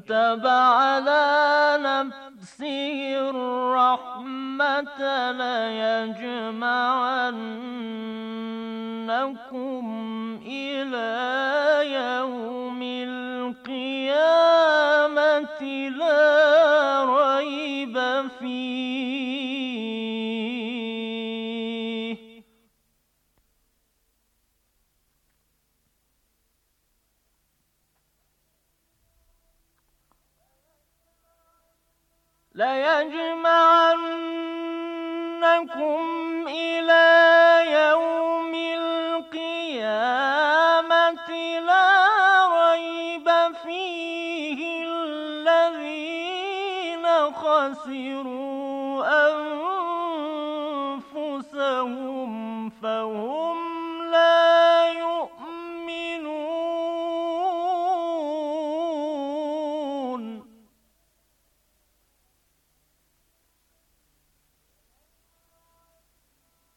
كتب على نفسه الرحمة ليجمعنكم إلى يوم القيامة لا ليجمعنكم إلى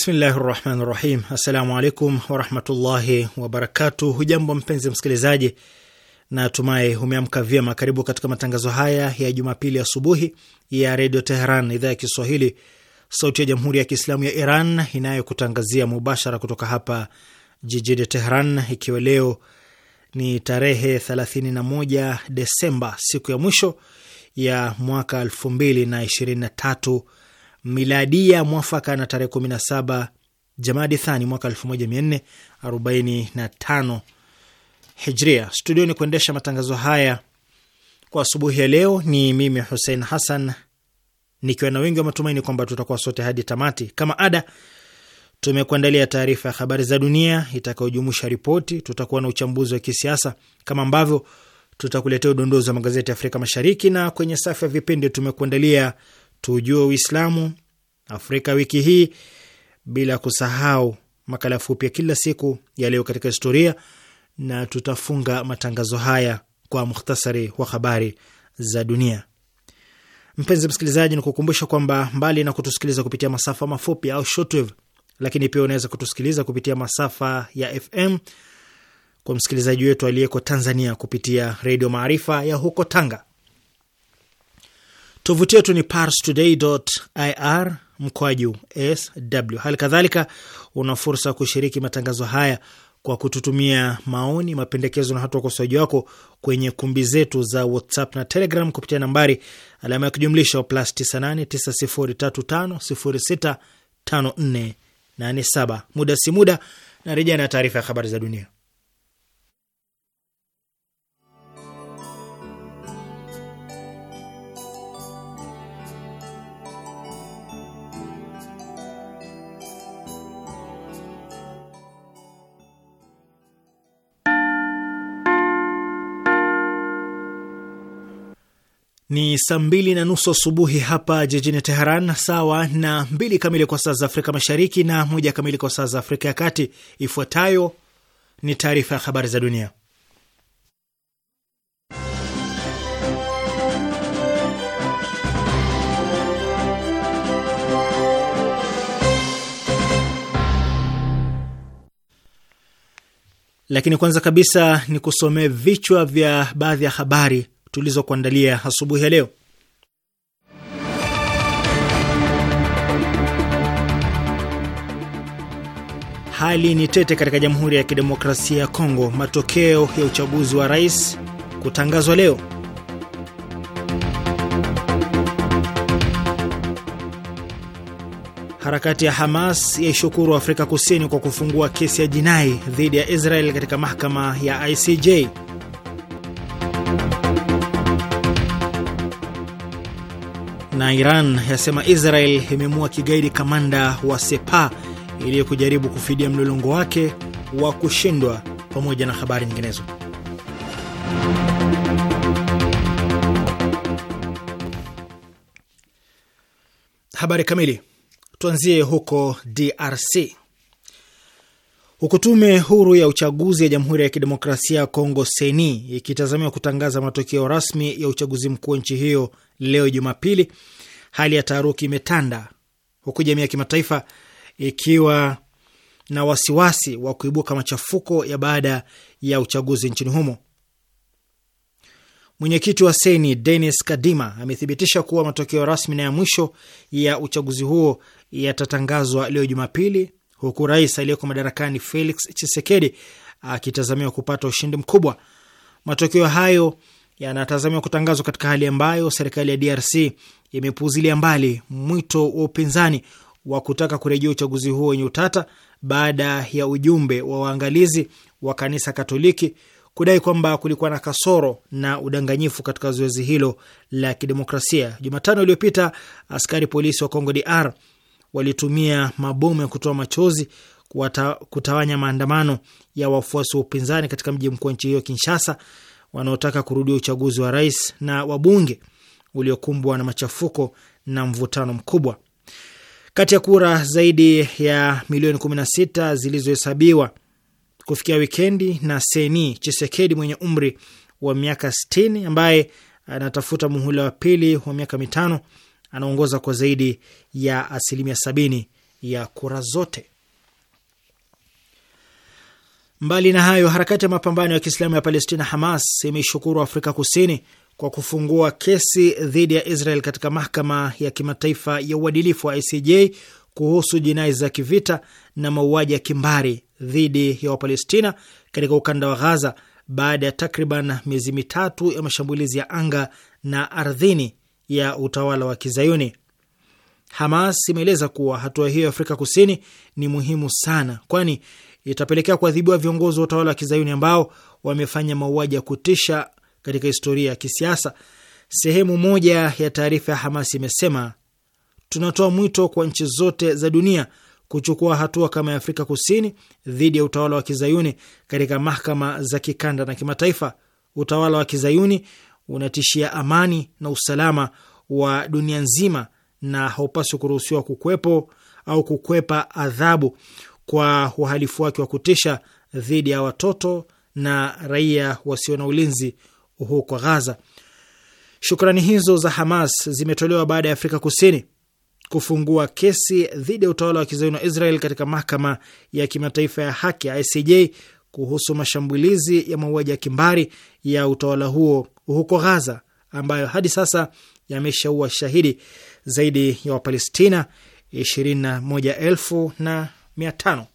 Bismillahi rahmani rahim. Assalamu alaikum warahmatullahi wabarakatuh. Hujambo mpenzi msikilizaji, na umeamka vyema. Karibu katika matangazo haya ya Jumapili asubuhi ya redio Teheran, idhaa ya Kiswahili, sauti ya jamhuri ya Kiislamu ya Iran inayokutangazia mubashara kutoka hapa jijini Teheran, ikiwa leo ni tarehe 31 Desemba, siku ya mwisho ya mwaka 2023 miladia mwafaka na tarehe kumi na saba Jamadi Thani mwaka elfu moja mia nne arobaini na tano Hijria. Studioni kuendesha matangazo haya kwa asubuhi ya leo ni mimi Husein Hasan, nikiwa na wengi wa matumaini kwamba tutakuwa sote hadi tamati. Kama ada, tumekuandalia taarifa ya habari za dunia itakayojumuisha ripoti, tutakuwa na uchambuzi wa kisiasa kama ambavyo tutakuletea udondozi wa magazeti ya Afrika Mashariki, na kwenye safu ya vipindi tumekuandalia tujue Uislamu Afrika wiki hii, bila kusahau makala fupi ya kila siku yaliyo katika historia, na tutafunga matangazo haya kwa mukhtasari wa habari za dunia. Mpenzi msikilizaji, ni kukumbusha kwamba mbali na kutusikiliza kupitia masafa mafupi au shortwave, lakini pia unaweza kutusikiliza kupitia masafa ya FM kwa msikilizaji wetu aliyeko Tanzania kupitia Redio Maarifa ya huko Tanga. Tovuti yetu ni parstoday.ir mkwaju sw. Hali kadhalika una fursa kushiriki matangazo haya kwa kututumia maoni, mapendekezo na hata ukosoaji wako kwenye kumbi zetu za WhatsApp na Telegram kupitia nambari alama ya kujumlisha wa plus 98 9035065487. Muda si muda na rejea na taarifa ya habari za dunia. Ni saa mbili na nusu asubuhi hapa jijini Teheran, sawa na mbili kamili kwa saa za Afrika Mashariki na moja kamili kwa saa za Afrika ya Kati. Ifuatayo ni taarifa ya habari za dunia, lakini kwanza kabisa ni kusomea vichwa vya baadhi ya habari tulizokuandalia asubuhi ya leo. Hali ni tete katika Jamhuri ya Kidemokrasia ya Kongo. Matokeo ya uchaguzi wa rais kutangazwa leo. Harakati ya Hamas yaishukuru Afrika Kusini kwa kufungua kesi ya jinai dhidi ya Israel katika mahakama ya ICJ. na Iran yasema Israel imemua kigaidi kamanda wa Sepa ili kujaribu kufidia mlolongo wake wa kushindwa, pamoja na habari nyinginezo. Habari kamili tuanzie huko DRC, huku tume huru ya uchaguzi ya Jamhuri ya Kidemokrasia ya Kongo seni ikitazamiwa kutangaza matokeo rasmi ya uchaguzi mkuu wa nchi hiyo leo Jumapili, hali ya taharuki imetanda huku jamii ya kimataifa ikiwa na wasiwasi wa kuibuka machafuko ya baada ya uchaguzi nchini humo. Mwenyekiti wa Seni Denis Kadima amethibitisha kuwa matokeo rasmi na ya mwisho ya uchaguzi huo yatatangazwa leo Jumapili, huku rais aliyeko madarakani Felix Chisekedi akitazamiwa kupata ushindi mkubwa. Matokeo hayo yanatazamiwa kutangazwa katika hali ambayo serikali ya DRC imepuuzilia mbali mwito wa upinzani wa kutaka kurejea uchaguzi huo wenye utata baada ya ujumbe wa waangalizi wa kanisa Katoliki kudai kwamba kulikuwa na kasoro na udanganyifu katika zoezi hilo la kidemokrasia. Jumatano iliyopita, askari polisi wa congo DR walitumia mabomu ya kutoa machozi kutawanya maandamano ya wafuasi wa upinzani katika mji mkuu wa nchi hiyo Kinshasa, wanaotaka kurudia uchaguzi wa rais na wabunge uliokumbwa na machafuko na mvutano mkubwa. Kati ya kura zaidi ya milioni 16 zilizohesabiwa kufikia wikendi, na Seni Chisekedi mwenye umri wa miaka 60 ambaye anatafuta muhula wa pili wa miaka mitano anaongoza kwa zaidi ya asilimia sabini ya kura zote. Mbali na hayo, harakati ya mapambano ya Kiislamu ya Palestina Hamas imeishukuru Afrika Kusini kwa kufungua kesi dhidi ya Israel katika mahakama ya kimataifa ya uadilifu wa ICJ kuhusu jinai za kivita na mauaji ya kimbari dhidi ya Wapalestina katika ukanda wa Ghaza baada ya takriban miezi mitatu ya mashambulizi ya anga na ardhini ya utawala wa Kizayuni. Hamas imeeleza kuwa hatua hiyo ya Afrika Kusini ni muhimu sana, kwani itapelekea kuadhibiwa viongozi wa utawala wa kizayuni ambao wamefanya mauaji ya kutisha katika historia ya kisiasa. Sehemu moja ya taarifa ya Hamas imesema tunatoa mwito kwa nchi zote za dunia kuchukua hatua kama ya Afrika Kusini dhidi ya utawala wa kizayuni katika mahakama za kikanda na kimataifa. Utawala wa kizayuni unatishia amani na usalama wa dunia nzima na haupaswi kuruhusiwa kukwepo au kukwepa adhabu kwa uhalifu wake wa kutisha dhidi ya watoto na raia wasio na ulinzi huko Ghaza. Shukrani hizo za Hamas zimetolewa baada ya Afrika Kusini kufungua kesi dhidi ya utawala wa kizayuni wa Israel katika mahakama ya kimataifa ya haki ya ICJ kuhusu mashambulizi ya mauaji ya kimbari ya utawala huo huko Ghaza, ambayo hadi sasa yameshaua shahidi zaidi ya Wapalestina 21 na mia tano.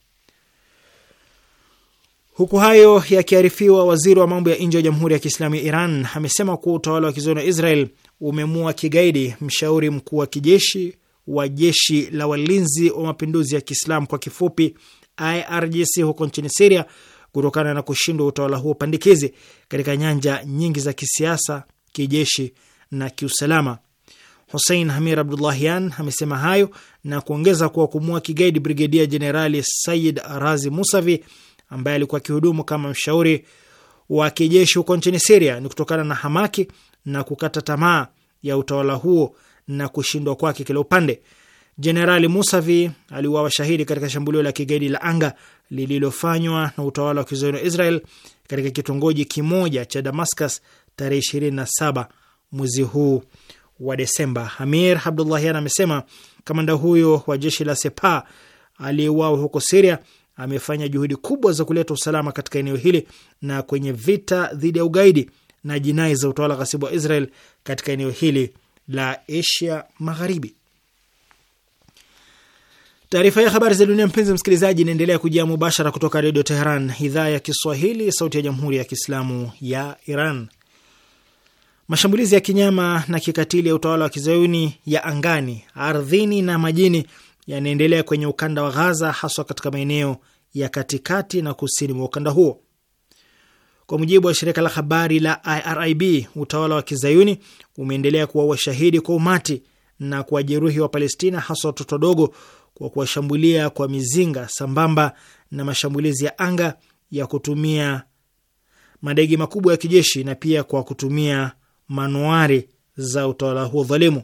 Huku hayo yakiarifiwa, waziri wa mambo ya nje wa Jamhuri ya Kiislamu ya Iran amesema kuwa utawala wa kizayuni wa Israel umemua kigaidi mshauri mkuu wa kijeshi wa jeshi la walinzi wa mapinduzi ya Kiislamu kwa kifupi IRGC huko nchini Siria kutokana na kushindwa utawala huo pandikizi katika nyanja nyingi za kisiasa, kijeshi na kiusalama. Hussein Hamir Abdullahian amesema hayo na kuongeza kuwa kumua kigaidi Brigedia Jenerali Sayid Razi Musavi ambaye alikuwa akihudumu kama mshauri wa kijeshi huko nchini Siria ni kutokana na hamaki na kukata tamaa ya utawala huo na kushindwa kwake kila upande. Jenerali Musavi aliuawa shahidi katika shambulio la kigaidi la anga lililofanywa na utawala wa kizayuni wa Israel katika kitongoji kimoja cha Damascus tarehe 27 mwezi huu wa Desemba. Amir Abdullahian amesema kamanda huyo wa jeshi la Sepa aliyeuawa huko Siria amefanya juhudi kubwa za kuleta usalama katika eneo hili na kwenye vita dhidi ya ugaidi na jinai za utawala ghasibu wa Israel katika eneo hili la Asia Magharibi. Taarifa ya habari za dunia, mpenzi msikilizaji, inaendelea kujia mubashara kutoka Redio Teheran, idhaa ya Kiswahili, sauti ya jamhuri ya kiislamu ya Iran. Mashambulizi ya kinyama na kikatili ya utawala wa kizayuni ya angani, ardhini na majini yanaendelea kwenye ukanda wa Ghaza, haswa katika maeneo ya katikati na kusini mwa ukanda huo. Kwa mujibu wa shirika la habari la IRIB, utawala wa kizayuni umeendelea kuwa washahidi kwa umati na kuwajeruhi wa Palestina, haswa watoto wadogo, kwa kuwashambulia kwa mizinga sambamba na mashambulizi ya anga ya kutumia madege makubwa ya kijeshi na pia kwa kutumia manuari za utawala huo dhalimu.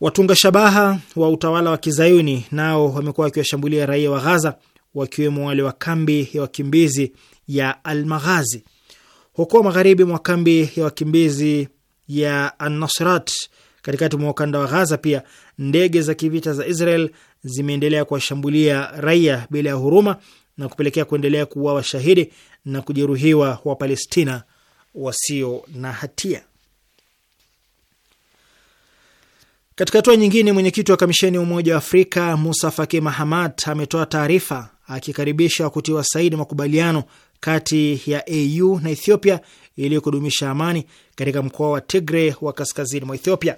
Watunga shabaha wa utawala wa kizayuni nao wamekuwa wakiwashambulia raia wa Ghaza, wakiwemo wale wa kambi ya wakimbizi ya Almaghazi. Huko magharibi mwa kambi ya wakimbizi ya anasrat katikati mwa ukanda wa Ghaza, pia ndege za kivita za Israel zimeendelea kuwashambulia raia bila ya huruma na kupelekea kuendelea kuuawa shahidi na kujeruhiwa Wapalestina wasio na hatia. Katika hatua nyingine, mwenyekiti wa kamisheni ya Umoja wa Afrika Musa Faki Mahamat ametoa taarifa akikaribisha kutiwa saini makubaliano kati ya AU na Ethiopia ili kudumisha amani katika mkoa wa Tigre wa kaskazini mwa Ethiopia.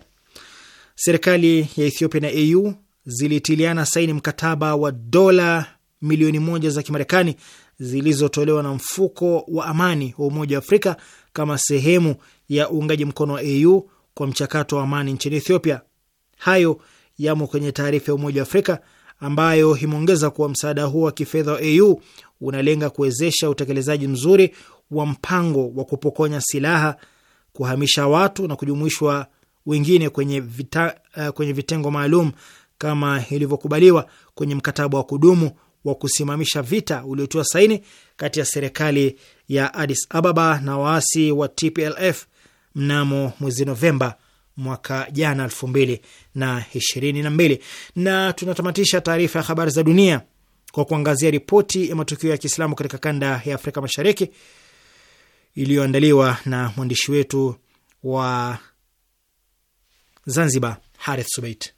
Serikali ya Ethiopia na AU zilitiliana saini mkataba wa dola milioni moja za Kimarekani zilizotolewa na mfuko wa amani wa Umoja wa Afrika kama sehemu ya uungaji mkono wa AU kwa mchakato wa amani nchini Ethiopia. Hayo yamo kwenye taarifa ya Umoja wa Afrika ambayo imeongeza kuwa msaada huo wa kifedha wa AU unalenga kuwezesha utekelezaji mzuri wa mpango wa kupokonya silaha, kuhamisha watu na kujumuishwa wengine kwenye, vita, uh, kwenye vitengo maalum kama ilivyokubaliwa kwenye mkataba wa kudumu wa kusimamisha vita uliotiwa saini kati ya serikali ya Addis Ababa na waasi wa TPLF mnamo mwezi Novemba mwaka jana elfu mbili na ishirini na mbili. Na tunatamatisha taarifa ya habari za dunia kwa kuangazia ripoti ya matukio ya Kiislamu katika kanda ya Afrika Mashariki iliyoandaliwa na mwandishi wetu wa Zanzibar, Harith Subait.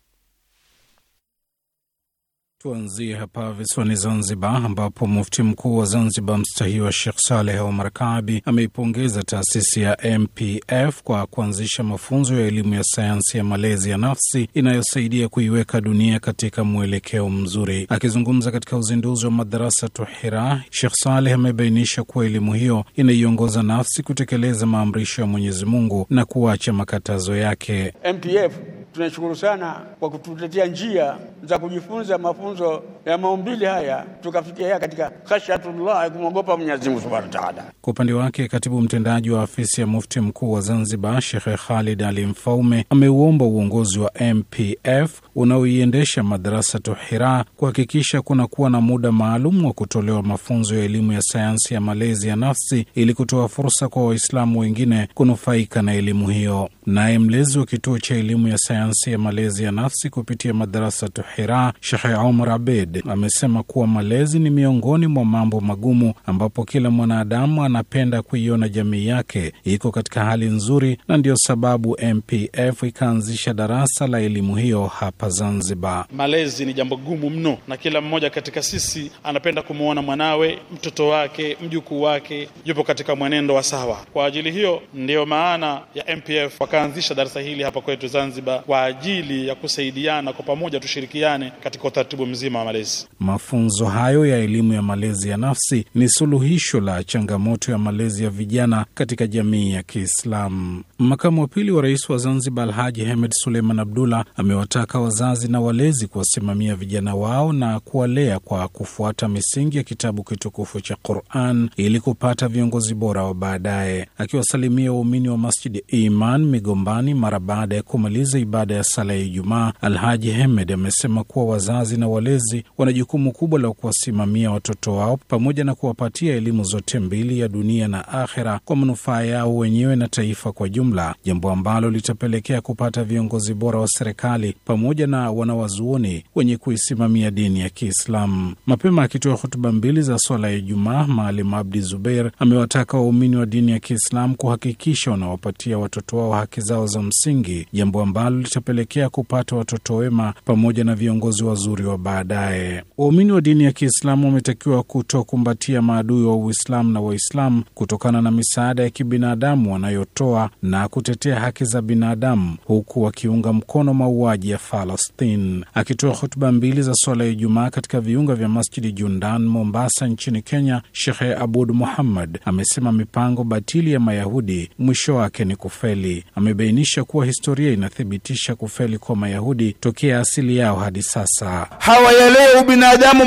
Tuanzie hapa visiwani Zanzibar, ambapo mufti mkuu wa Zanzibar mstahiwa shekh Saleh Omar Kaabi ameipongeza taasisi ya MPF kwa kuanzisha mafunzo ya elimu ya sayansi ya malezi ya nafsi inayosaidia kuiweka dunia katika mwelekeo mzuri. Akizungumza katika uzinduzi wa madarasa Tuhira, shekh Saleh amebainisha kuwa elimu hiyo inaiongoza nafsi kutekeleza maamrisho ya Mwenyezi Mungu na kuacha makatazo yake. MPF Tunashukuru sana kwa kututetea njia za kujifunza mafunzo ya maumbili haya tukafikia katika khashyatullah, kumwogopa Mwenyezi Mungu Subhanahu wa Ta'ala. Kwa upande wake, katibu mtendaji wa afisi ya mufti mkuu wa Zanzibar shekhe Khalid Ali Mfaume ameuomba uongozi wa MPF unaoiendesha madarasa Tohira kuhakikisha kunakuwa na muda maalum wa kutolewa mafunzo ya elimu ya sayansi ya malezi ya nafsi ili kutoa fursa kwa Waislamu wengine kunufaika na elimu hiyo. Naye mlezi wa kituo cha elimu ya sayansi ya malezi ya nafsi kupitia madarasa Tohira, Shehe Omar Abed amesema kuwa malezi ni miongoni mwa mambo magumu ambapo kila mwanadamu anapenda kuiona jamii yake iko katika hali nzuri, na ndiyo sababu MPF ikaanzisha darasa la elimu hiyo hapa hapa Zanzibar. Malezi ni jambo gumu mno, na kila mmoja katika sisi anapenda kumwona mwanawe, mtoto wake, mjukuu wake yupo katika mwenendo wa sawa. Kwa ajili hiyo, ndiyo maana ya MPF wakaanzisha darasa hili hapa kwetu Zanzibar kwa ajili ya kusaidiana kwa pamoja, tushirikiane katika utaratibu mzima wa malezi. Mafunzo hayo ya elimu ya malezi ya nafsi ni suluhisho la changamoto ya malezi ya vijana katika jamii ya Kiislamu. Makamu wa pili wa rais wa Zanzibar Alhaji Hemed Suleiman Abdullah amewataka wa wazazi na walezi kuwasimamia vijana wao na kuwalea kwa kufuata misingi ya kitabu kitukufu cha Quran ili kupata viongozi bora wa baadaye. Akiwasalimia waumini wa Masjidi Iman Migombani mara baada ya kumaliza ibada ya sala ya Ijumaa, Alhaji Hemed amesema kuwa wazazi na walezi wana jukumu kubwa la kuwasimamia watoto wao pamoja na kuwapatia elimu zote mbili ya dunia na akhera kwa manufaa yao wenyewe na taifa kwa jumla, jambo ambalo litapelekea kupata viongozi bora wa serikali pamoja pamoja na wanawazuoni wenye kuisimamia dini ya Kiislamu. Mapema akitoa hutuba mbili za swala ya Ijumaa, Maalim Abdi Zubeir amewataka waumini wa dini ya Kiislamu kuhakikisha wanawapatia watoto wao haki zao za msingi, jambo ambalo litapelekea kupata watoto wema pamoja na viongozi wazuri wa baadaye. Waumini wa dini ya Kiislamu wametakiwa kutokumbatia maadui wa Uislamu na Waislamu kutokana na misaada ya kibinadamu wanayotoa na kutetea haki za binadamu, huku wakiunga mkono mauaji ya fala Palestin. Akitoa hotuba mbili za swala ya Ijumaa katika viunga vya Masjidi Jundan, Mombasa nchini Kenya, Shekhe Abud Muhammad amesema mipango batili ya Mayahudi mwisho wake ni kufeli. Amebainisha kuwa historia inathibitisha kufeli kwa Mayahudi tokea asili yao hadi sasa. Hawa ya leo binadamu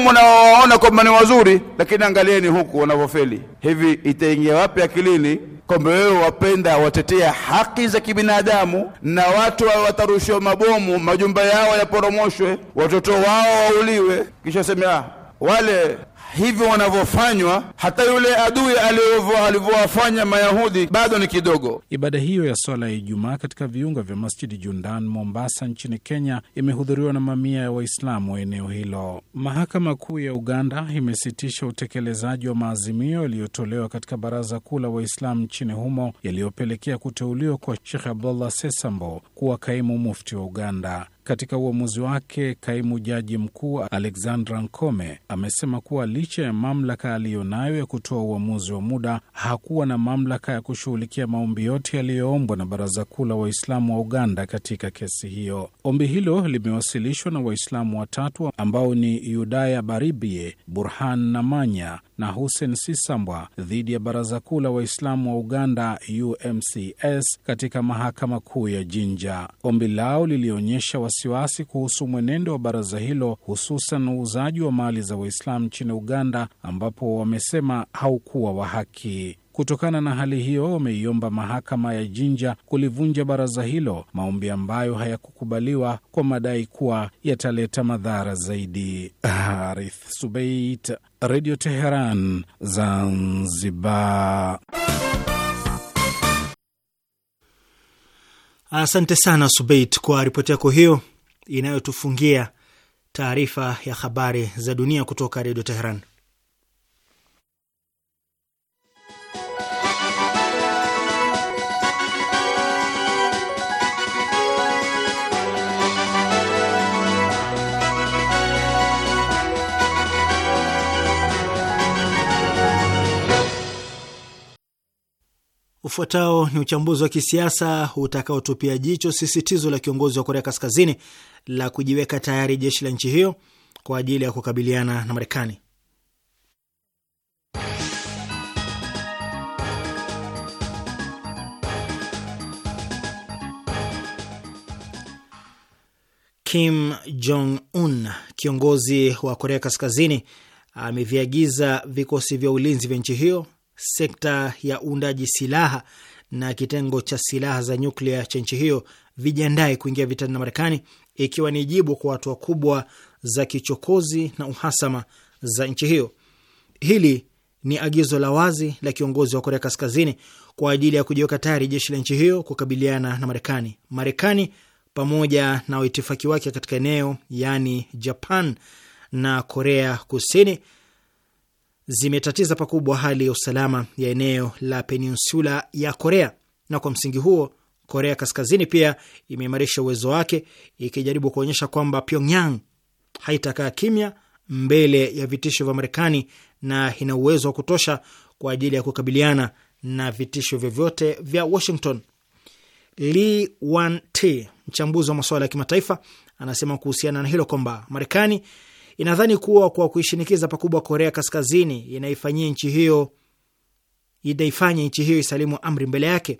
kwamba ni wazuri, lakini angalieni huku wanavyofeli. Hivi itaingia wapi akilini kwamba wewe wapenda watetea haki za kibinadamu na watu watarushiwa mabomu, majumba yao yaporomoshwe, watoto wao wauliwe, kisha sema wale hivyo wanavyofanywa, hata yule adui alivyowafanya Mayahudi bado ni kidogo. Ibada hiyo ya swala ya Ijumaa katika viunga vya Masjidi Jundan, Mombasa nchini Kenya, imehudhuriwa na mamia ya Waislamu wa eneo hilo. Mahakama Kuu ya Uganda imesitisha utekelezaji wa maazimio yaliyotolewa katika Baraza Kuu la Waislamu nchini humo yaliyopelekea kuteuliwa kwa Shekh Abdullah Sesambo kuwa kaimu mufti wa Uganda. Katika uamuzi wake, kaimu jaji mkuu Alexandra Nkome amesema kuwa licha ya mamlaka aliyonayo ya kutoa uamuzi wa muda, hakuwa na mamlaka ya kushughulikia maombi yote yaliyoombwa na Baraza Kuu la Waislamu wa Uganda katika kesi hiyo. Ombi hilo limewasilishwa na Waislamu watatu ambao ni Yudaya Baribie, Burhan Namanya na Hussein Sisambwa dhidi ya Baraza Kuu la Waislamu wa Uganda UMCS katika Mahakama Kuu ya Jinja. Ombi lao lilionyesha wasiwasi kuhusu mwenendo wa baraza hilo, hususan uuzaji wa mali za Waislamu nchini Uganda, ambapo wamesema haukuwa wa haki. Kutokana na hali hiyo, wameiomba mahakama ya Jinja kulivunja baraza hilo, maombi ambayo hayakukubaliwa kwa madai kuwa yataleta madhara zaidi. Harith Subeit, Redio Teheran Zanzibar. Asante sana Subeit kwa ripoti yako hiyo inayotufungia taarifa ya habari za dunia kutoka Redio Teheran. Ufuatao ni uchambuzi wa kisiasa utakaotupia jicho sisitizo la kiongozi wa Korea Kaskazini la kujiweka tayari jeshi la nchi hiyo kwa ajili ya kukabiliana na Marekani. Kim Jong Un, kiongozi wa Korea Kaskazini, ameviagiza vikosi vya ulinzi vya nchi hiyo sekta ya uundaji silaha na kitengo cha silaha za nyuklia cha nchi hiyo vijiandae kuingia vitani na Marekani, ikiwa ni jibu kwa hatua kubwa za kichokozi na uhasama za nchi hiyo. Hili ni agizo la wazi la kiongozi wa Korea Kaskazini kwa ajili ya kujiweka tayari jeshi la nchi hiyo kukabiliana na Marekani. Marekani pamoja na waitifaki wake katika eneo yaani Japan na Korea Kusini zimetatiza pakubwa hali ya usalama ya eneo la peninsula ya Korea, na kwa msingi huo Korea Kaskazini pia imeimarisha uwezo wake ikijaribu kuonyesha kwamba Pyongyang haitakaa kimya mbele ya vitisho vya Marekani na ina uwezo wa kutosha kwa ajili ya kukabiliana na vitisho vyovyote vya Washington. Lee Wan-t, mchambuzi wa masuala ya kimataifa, anasema kuhusiana na hilo kwamba Marekani inadhani kuwa kwa kuishinikiza pakubwa Korea Kaskazini inaifanyia nchi hiyo itaifanya nchi hiyo isalimu amri mbele yake.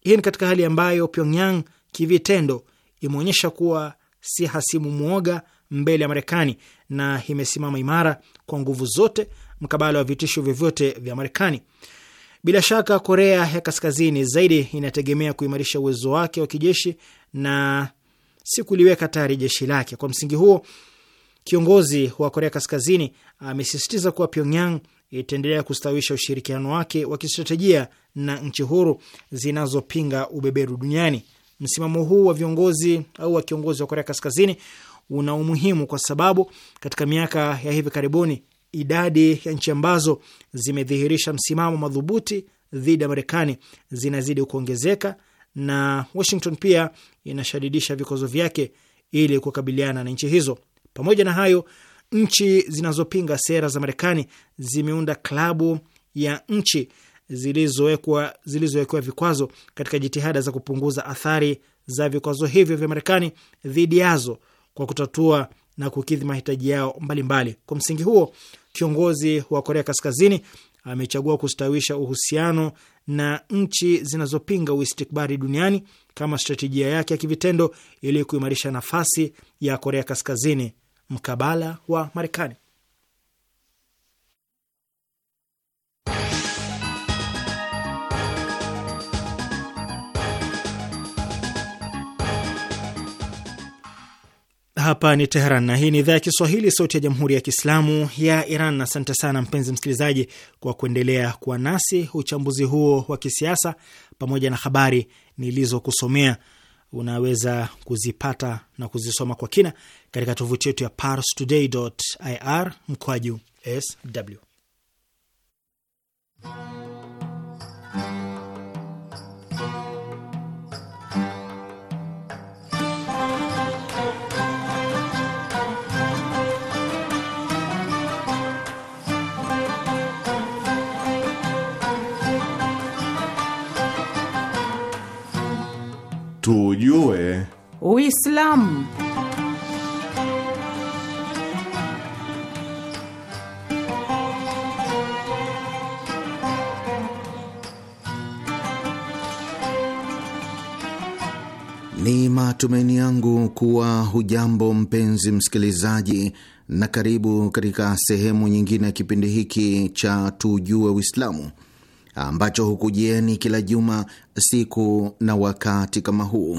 Hii ni katika hali ambayo Pyongyang kivitendo imeonyesha kuwa si hasimu mwoga mbele ya Marekani na imesimama imara kwa nguvu zote mkabala wa vitisho vyovyote vya Marekani. Bila shaka, Korea ya Kaskazini zaidi inategemea kuimarisha uwezo wake wa kijeshi na si kuliweka tayari jeshi lake. Kwa msingi huo Kiongozi wa Korea Kaskazini amesisitiza kuwa Pyongyang itaendelea kustawisha ushirikiano wake wa kistratejia na nchi huru zinazopinga ubeberu duniani. Msimamo huu wa viongozi au wa kiongozi wa Korea Kaskazini una umuhimu kwa sababu katika miaka ya hivi karibuni idadi ya nchi ambazo zimedhihirisha msimamo madhubuti dhidi ya Marekani zinazidi kuongezeka na Washington pia inashadidisha vikwazo vyake ili kukabiliana na nchi hizo. Pamoja na hayo, nchi zinazopinga sera za Marekani zimeunda klabu ya nchi zilizowekwa zilizowekewa vikwazo katika jitihada za kupunguza athari za vikwazo hivyo vya Marekani dhidi yazo kwa kutatua na kukidhi mahitaji yao mbalimbali. Kwa msingi huo, kiongozi wa Korea Kaskazini amechagua kustawisha uhusiano na nchi zinazopinga uistikbari duniani kama stratejia yake ya kivitendo ili kuimarisha nafasi ya Korea Kaskazini mkabala wa Marekani. Hapa ni Teheran na hii ni idhaa ya Kiswahili, sauti ya jamhuri ya kiislamu ya Iran. asante sana mpenzi msikilizaji kwa kuendelea kuwa nasi. Uchambuzi huo wa kisiasa pamoja na habari nilizokusomea unaweza kuzipata na kuzisoma kwa kina katika tovuti yetu ya parstoday.ir mkwaju sw. Tujue Uislamu. Matumaini yangu kuwa hujambo mpenzi msikilizaji, na karibu katika sehemu nyingine ya kipindi hiki cha Tujue Uislamu ambacho hukujieni kila juma siku na wakati kama huu.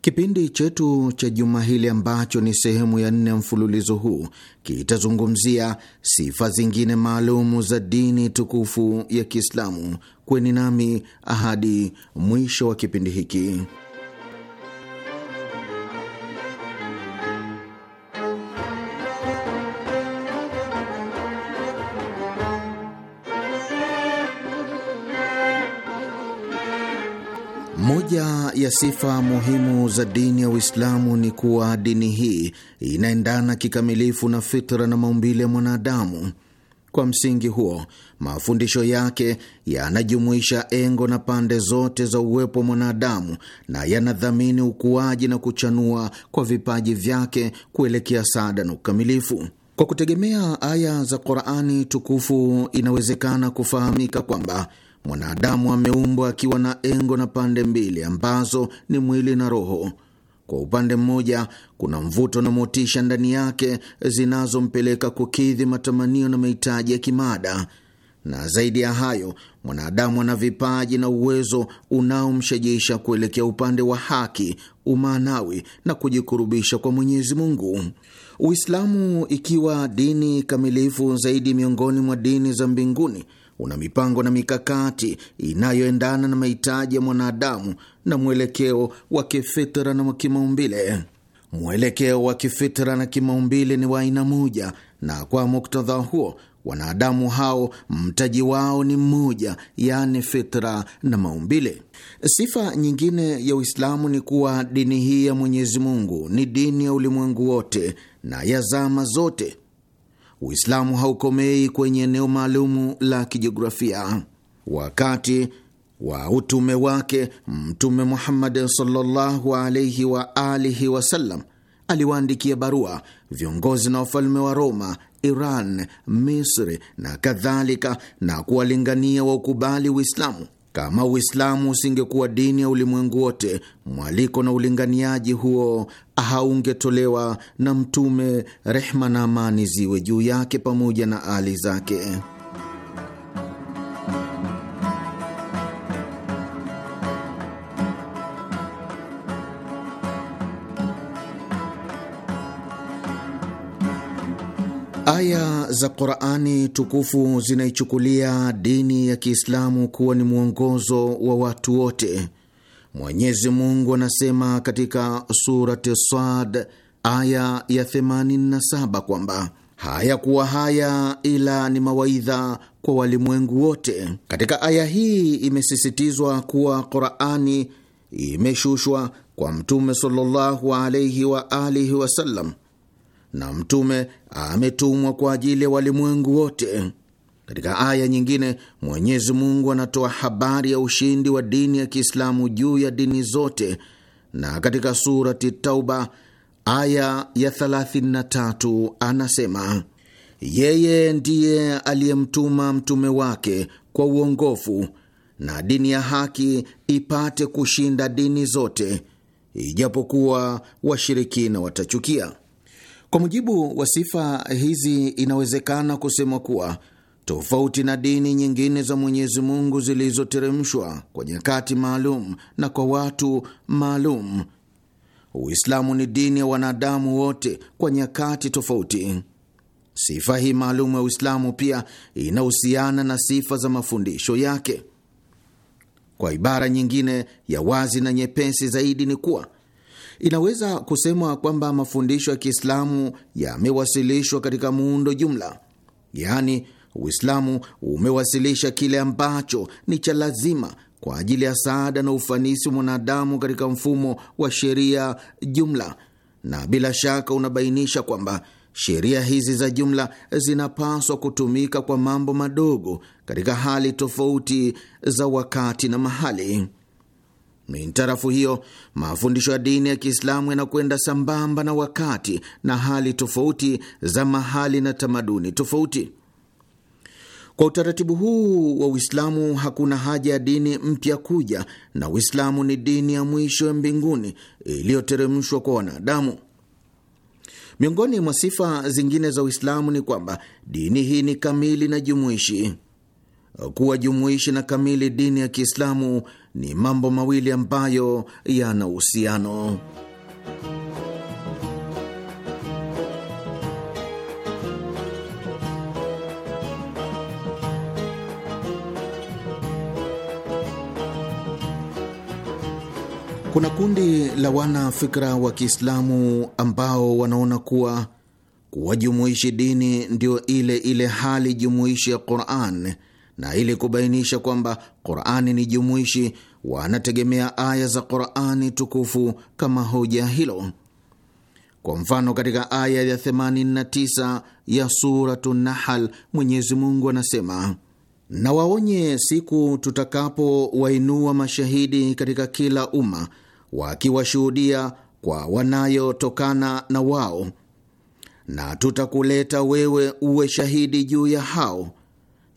Kipindi chetu cha juma hili ambacho ni sehemu ya nne ya mfululizo huu kitazungumzia sifa zingine maalumu za dini tukufu ya Kiislamu. Kweni nami ahadi mwisho wa kipindi hiki. Moja ya sifa muhimu za dini ya Uislamu ni kuwa dini hii inaendana kikamilifu na fitra na maumbile ya mwanadamu. Kwa msingi huo, mafundisho yake yanajumuisha engo na pande zote za uwepo wa mwanadamu na yanadhamini ukuaji na kuchanua kwa vipaji vyake kuelekea saada na ukamilifu. Kwa kutegemea aya za Qurani tukufu, inawezekana kufahamika kwamba Mwanadamu ameumbwa akiwa na engo na pande mbili ambazo ni mwili na roho. Kwa upande mmoja, kuna mvuto na motisha ndani yake zinazompeleka kukidhi matamanio na mahitaji ya kimaada, na zaidi ya hayo, mwanadamu ana vipaji na uwezo unaomshajiisha kuelekea upande wa haki, umaanawi na kujikurubisha kwa Mwenyezi Mungu. Uislamu, ikiwa dini kamilifu zaidi miongoni mwa dini za mbinguni una mipango na mikakati inayoendana na mahitaji ya mwanadamu na mwelekeo wa kifitra na kimaumbile. Mwelekeo wa kifitra na kimaumbile ni wa aina moja, na kwa muktadha huo wanadamu hao mtaji wao ni mmoja, yaani fitra na maumbile. Sifa nyingine ya Uislamu ni kuwa dini hii ya Mwenyezi Mungu ni dini ya ulimwengu wote na ya zama zote Uislamu haukomei kwenye eneo maalumu la kijiografia. Wakati wa utume wake Mtume Muhammad sallallahu alaihi wa alihi wasallam aliwaandikia barua viongozi na wafalme wa Roma, Iran, Misri na kadhalika, na kuwalingania wa ukubali Uislamu kama Uislamu usingekuwa dini ya ulimwengu wote, mwaliko na ulinganiaji huo haungetolewa na Mtume, rehma na amani ziwe juu yake, pamoja na ali zake. Aya za Qurani tukufu zinaichukulia dini ya Kiislamu kuwa ni mwongozo wa watu wote. Mwenyezi Mungu anasema katika Surati Sad aya ya 87 kwamba hayakuwa haya ila ni mawaidha kwa walimwengu wote. Katika aya hii imesisitizwa kuwa Qurani imeshushwa kwa Mtume sallallahu alaihi wa alihi wasallam na mtume ametumwa kwa ajili ya walimwengu wote. Katika aya nyingine, Mwenyezi Mungu anatoa habari ya ushindi wa dini ya Kiislamu juu ya dini zote, na katika Surati Tauba aya ya 33 anasema yeye ndiye aliyemtuma mtume wake kwa uongofu na dini ya haki ipate kushinda dini zote, ijapokuwa washirikina watachukia. Kwa mujibu wa sifa hizi, inawezekana kusema kuwa tofauti na dini nyingine za Mwenyezi Mungu zilizoteremshwa kwa nyakati maalum na kwa watu maalum, Uislamu ni dini ya wanadamu wote kwa nyakati tofauti. Sifa hii maalum ya Uislamu pia inahusiana na sifa za mafundisho yake. Kwa ibara nyingine ya wazi na nyepesi zaidi, ni kuwa inaweza kusemwa kwamba mafundisho ya Kiislamu yamewasilishwa katika muundo jumla, yaani Uislamu umewasilisha kile ambacho ni cha lazima kwa ajili ya saada na ufanisi wa mwanadamu katika mfumo wa sheria jumla, na bila shaka unabainisha kwamba sheria hizi za jumla zinapaswa kutumika kwa mambo madogo katika hali tofauti za wakati na mahali. Mintarafu hiyo mafundisho ya dini ya Kiislamu yanakwenda sambamba na wakati na hali tofauti za mahali na tamaduni tofauti. Kwa utaratibu huu wa Uislamu hakuna haja ya dini mpya kuja, na Uislamu ni dini ya mwisho ya mbinguni iliyoteremshwa kwa wanadamu. Miongoni mwa sifa zingine za Uislamu ni kwamba dini hii ni kamili na jumuishi kuwa jumuishi na kamili dini ya Kiislamu ni mambo mawili ambayo yana uhusiano. Kuna kundi la wana fikra wa Kiislamu ambao wanaona kuwa kuwajumuishi dini ndio ile ile hali jumuishi ya Quran na ili kubainisha kwamba Qurani ni jumuishi, wanategemea aya za Qurani tukufu kama hoja hilo. Kwa mfano, katika aya ya 89 ya Suratu Nahal, Mwenyezi Mungu anasema na waonye siku tutakapowainua mashahidi katika kila umma wakiwashuhudia kwa wanayotokana na wao, na tutakuleta wewe uwe shahidi juu ya hao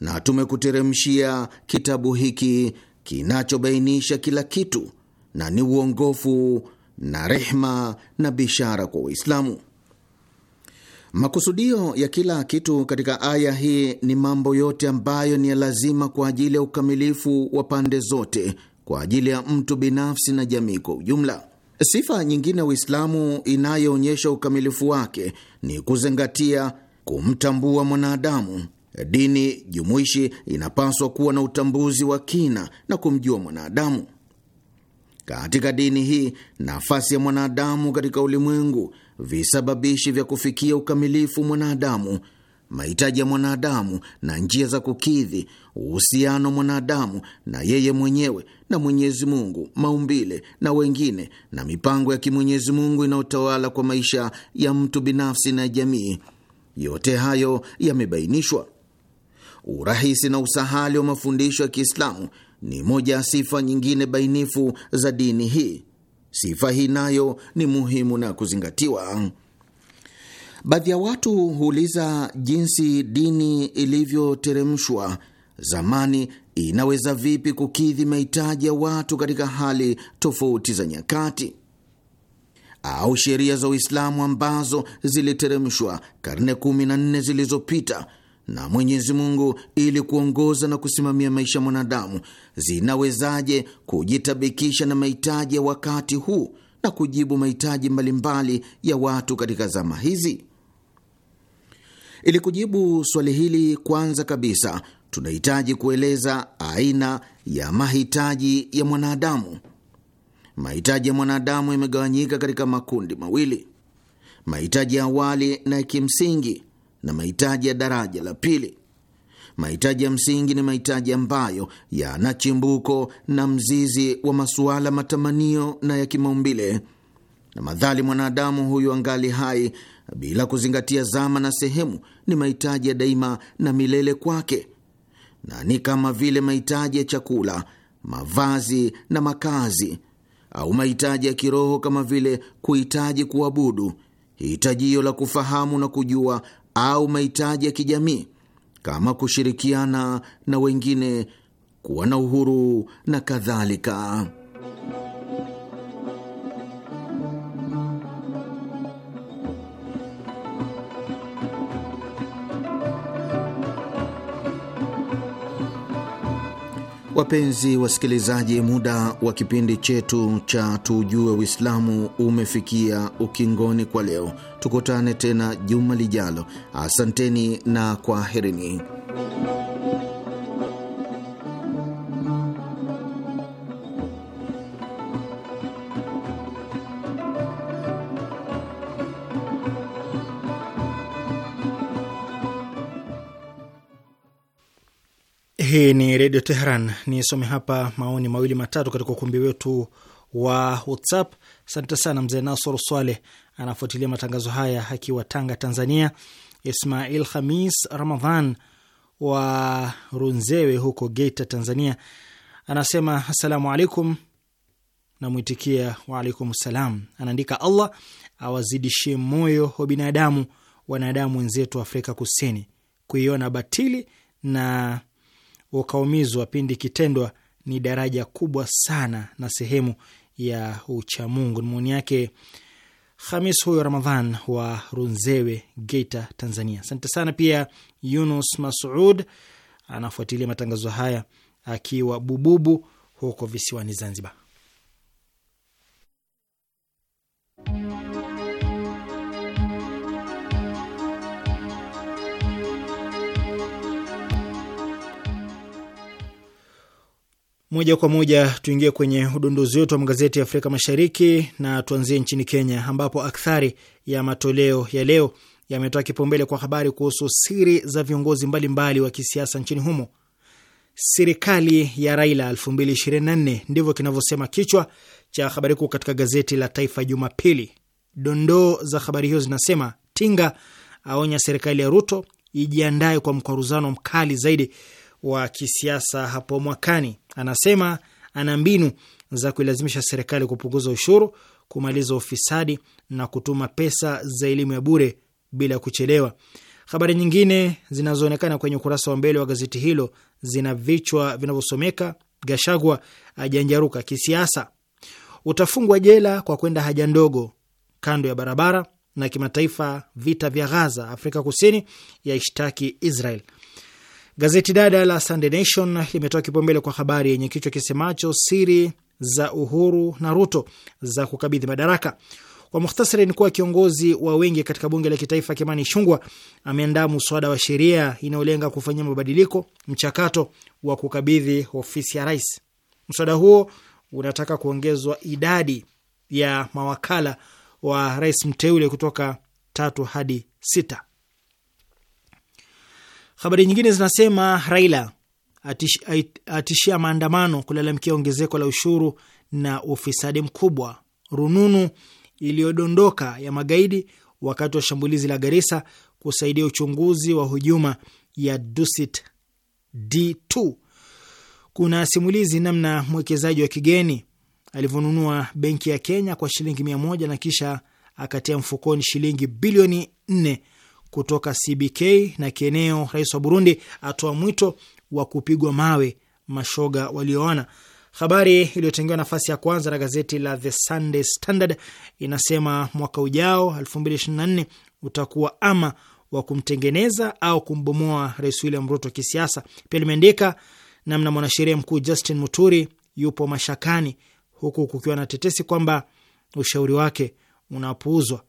na tumekuteremshia kitabu hiki kinachobainisha kila kitu na ni uongofu na rehma na bishara kwa Waislamu. Makusudio ya kila kitu katika aya hii ni mambo yote ambayo ni ya lazima kwa ajili ya ukamilifu wa pande zote, kwa ajili ya mtu binafsi na jamii kwa ujumla. Sifa nyingine Uislamu inayoonyesha ukamilifu wake ni kuzingatia kumtambua mwanadamu Dini jumuishi inapaswa kuwa na utambuzi wa kina na kumjua mwanadamu. Katika dini hii, nafasi ya mwanadamu katika ulimwengu, visababishi vya kufikia ukamilifu mwanadamu, mahitaji ya mwanadamu na njia za kukidhi, uhusiano mwanadamu na yeye mwenyewe na Mwenyezi Mungu, maumbile na wengine, na mipango ya kimwenyezi Mungu inayotawala kwa maisha ya mtu binafsi na jamii, yote hayo yamebainishwa. Urahisi na usahali wa mafundisho ya Kiislamu ni moja ya sifa nyingine bainifu za dini hii. Sifa hii nayo ni muhimu na kuzingatiwa. Baadhi ya watu huuliza jinsi dini ilivyoteremshwa zamani inaweza vipi kukidhi mahitaji ya watu katika hali tofauti za nyakati, au sheria za Uislamu ambazo ziliteremshwa karne 14 zilizopita na Mwenyezi Mungu ili kuongoza na kusimamia maisha ya mwanadamu zinawezaje kujitabikisha na mahitaji ya wakati huu na kujibu mahitaji mbalimbali ya watu katika zama hizi? Ili kujibu swali hili, kwanza kabisa tunahitaji kueleza aina ya mahitaji ya mwanadamu. Mahitaji ya mwanadamu yamegawanyika katika makundi mawili: mahitaji ya awali na ya kimsingi na mahitaji ya daraja la pili. Mahitaji ya msingi ni mahitaji ambayo yana chimbuko na mzizi wa masuala matamanio na ya kimaumbile, na madhali mwanadamu huyu angali hai, bila kuzingatia zama na sehemu, ni mahitaji ya daima na milele kwake, na ni kama vile mahitaji ya chakula, mavazi na makazi, au mahitaji ya kiroho kama vile kuhitaji kuabudu, hitajio la kufahamu na kujua au mahitaji ya kijamii kama kushirikiana na wengine, kuwa na uhuru na kadhalika. Wapenzi wasikilizaji, muda wa kipindi chetu cha Tujue Uislamu umefikia ukingoni kwa leo. Tukutane tena juma lijalo. Asanteni na kwaherini. Hii ni Redio Teheran. Nisome hapa maoni mawili matatu katika ukumbi wetu wa WhatsApp. Asante sana mzee Nasor Swaleh, anafuatilia matangazo haya akiwa Tanga, Tanzania. Ismail Khamis Ramadhan wa Runzewe huko Geita, Tanzania, anasema assalamu alaikum, namwitikia waalaikum salam. Anaandika, Allah awazidishie moyo wa binadamu wanadamu wenzetu Afrika Kusini kuiona batili na ukaumizwa pindi ikitendwa ni daraja kubwa sana na sehemu ya uchamungu. Ni maoni yake Hamis huyo Ramadhan wa Runzewe, Geita, Tanzania. Asante sana. Pia Yunus Masud anafuatilia matangazo haya akiwa Bububu huko visiwani Zanzibar. Moja kwa moja tuingie kwenye udondozi wetu wa magazeti ya Afrika Mashariki na tuanzie nchini Kenya, ambapo akthari ya matoleo ya leo yametoa kipaumbele kwa habari kuhusu siri za viongozi mbalimbali wa kisiasa nchini humo. Serikali ya Raila 2024 ndivyo kinavyosema kichwa cha habari kuu katika gazeti la Taifa Jumapili. Dondoo za habari hiyo zinasema: Tinga aonya serikali ya Ruto ijiandaye kwa mkwaruzano mkali zaidi wa kisiasa hapo mwakani. Anasema ana mbinu za kuilazimisha serikali kupunguza ushuru, kumaliza ufisadi na kutuma pesa za elimu ya bure bila kuchelewa. Habari nyingine zinazoonekana kwenye ukurasa wa mbele wa gazeti hilo zina vichwa vinavyosomeka Gashagwa ajanjaruka kisiasa, utafungwa jela kwa kwenda haja ndogo kando ya barabara, na kimataifa, vita vya Ghaza, Afrika Kusini yaishtaki Israel. Gazeti dada la Sunday Nation limetoa kipaumbele kwa habari yenye kichwa kisemacho siri za Uhuru na Ruto za kukabidhi madaraka. Kwa muhtasari, ni kuwa kiongozi wa wengi katika bunge la kitaifa Kimani Shungwa ameandaa muswada wa sheria inayolenga kufanyia mabadiliko mchakato wa kukabidhi ofisi ya rais. Mswada huo unataka kuongezwa idadi ya mawakala wa rais mteule kutoka tatu hadi sita. Habari nyingine zinasema Raila atish, atishia maandamano kulalamikia ongezeko la ushuru na ufisadi mkubwa. Rununu iliyodondoka ya magaidi wakati wa shambulizi la Garissa kusaidia uchunguzi wa hujuma ya Dusit D2. Kuna simulizi namna mwekezaji wa kigeni alivyonunua benki ya Kenya kwa shilingi mia moja na kisha akatia mfukoni shilingi bilioni nne kutoka CBK na kieneo, rais wa Burundi atoa mwito wa kupigwa mawe mashoga walioana. Habari iliyotengewa nafasi ya kwanza na gazeti la The Sunday Standard inasema mwaka ujao 2024 utakuwa ama wa kumtengeneza au kumbomoa rais William Ruto kisiasa. Pia limeandika namna mwanasheria mkuu Justin Muturi yupo mashakani, huku kukiwa na tetesi kwamba ushauri wake unapuuzwa.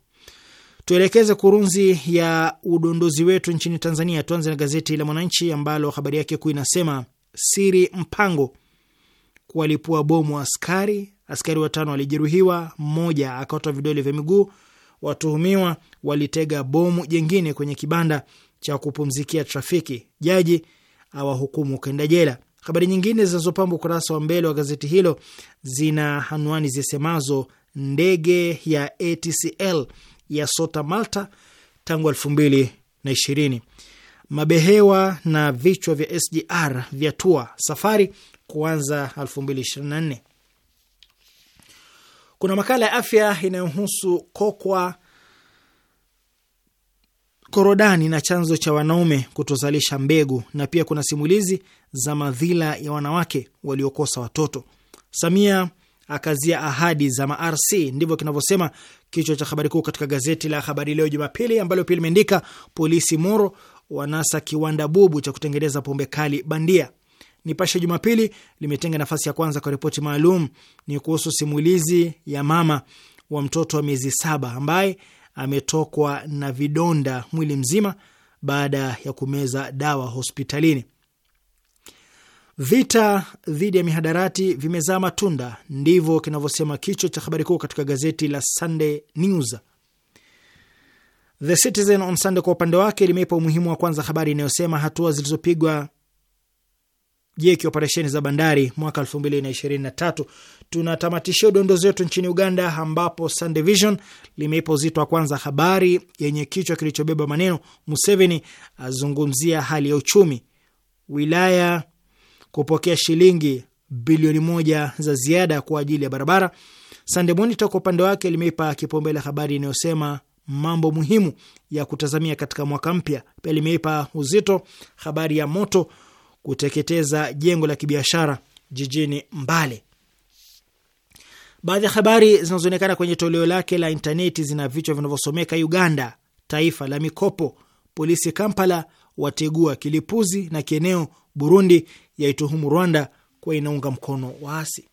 Tuelekeze kurunzi ya udondozi wetu nchini Tanzania. Tuanze na gazeti la Mwananchi ambalo habari yake kuu inasema siri mpango kuwalipua bomu askari, askari watano walijeruhiwa, mmoja akatwa vidole vya miguu. Watuhumiwa walitega bomu jengine kwenye kibanda cha kupumzikia trafiki, jaji awahukumu kenda jela. Habari nyingine zinazopamba ukurasa wa mbele wa gazeti hilo zina anwani zisemazo ndege ya ATCL ya Sota Malta tangu 2020. Mabehewa na vichwa vya SGR vya tua safari kuanza 2024. Kuna makala ya afya inayohusu kokwa korodani na chanzo cha wanaume kutozalisha mbegu, na pia kuna simulizi za madhila ya wanawake waliokosa watoto. Samia akazia ahadi za marc Ndivyo kinavyosema kichwa cha habari kuu katika gazeti la Habari Leo Jumapili, ambalo pia limeandika polisi Moro wanasa kiwanda bubu cha kutengeneza pombe kali bandia. Nipashe Jumapili limetenga nafasi ya kwanza kwa ripoti maalum ni kuhusu simulizi ya mama wa mtoto wa miezi saba ambaye ametokwa na vidonda mwili mzima baada ya kumeza dawa hospitalini. Vita dhidi ya mihadarati vimezaa matunda, ndivyo kinavyosema kichwa cha habari kuu katika gazeti la Sunday News. The Citizen on Sunday kwa upande wake limeipa umuhimu wa kwanza habari inayosema hatua zilizopigwa jeki operesheni za bandari mwaka 2023. Tunatamatishia udondozi wetu nchini Uganda, ambapo Sunday Vision limeipa uzito wa kwanza habari yenye kichwa kilichobeba maneno Museveni azungumzia hali ya uchumi wilaya kupokea shilingi bilioni moja za ziada kwa ajili ya barabara. Sunday Monitor kwa upande wake limeipa kipaumbele habari inayosema mambo muhimu ya kutazamia katika mwaka mpya. Pia limeipa uzito habari ya moto kuteketeza jengo la kibiashara jijini Mbale. Baadhi ya habari zinazoonekana kwenye toleo lake la intaneti zina vichwa vinavyosomeka: Uganda taifa la mikopo, polisi Kampala wategua kilipuzi na kieneo, Burundi yaituhumu Rwanda kuwa inaunga mkono waasi.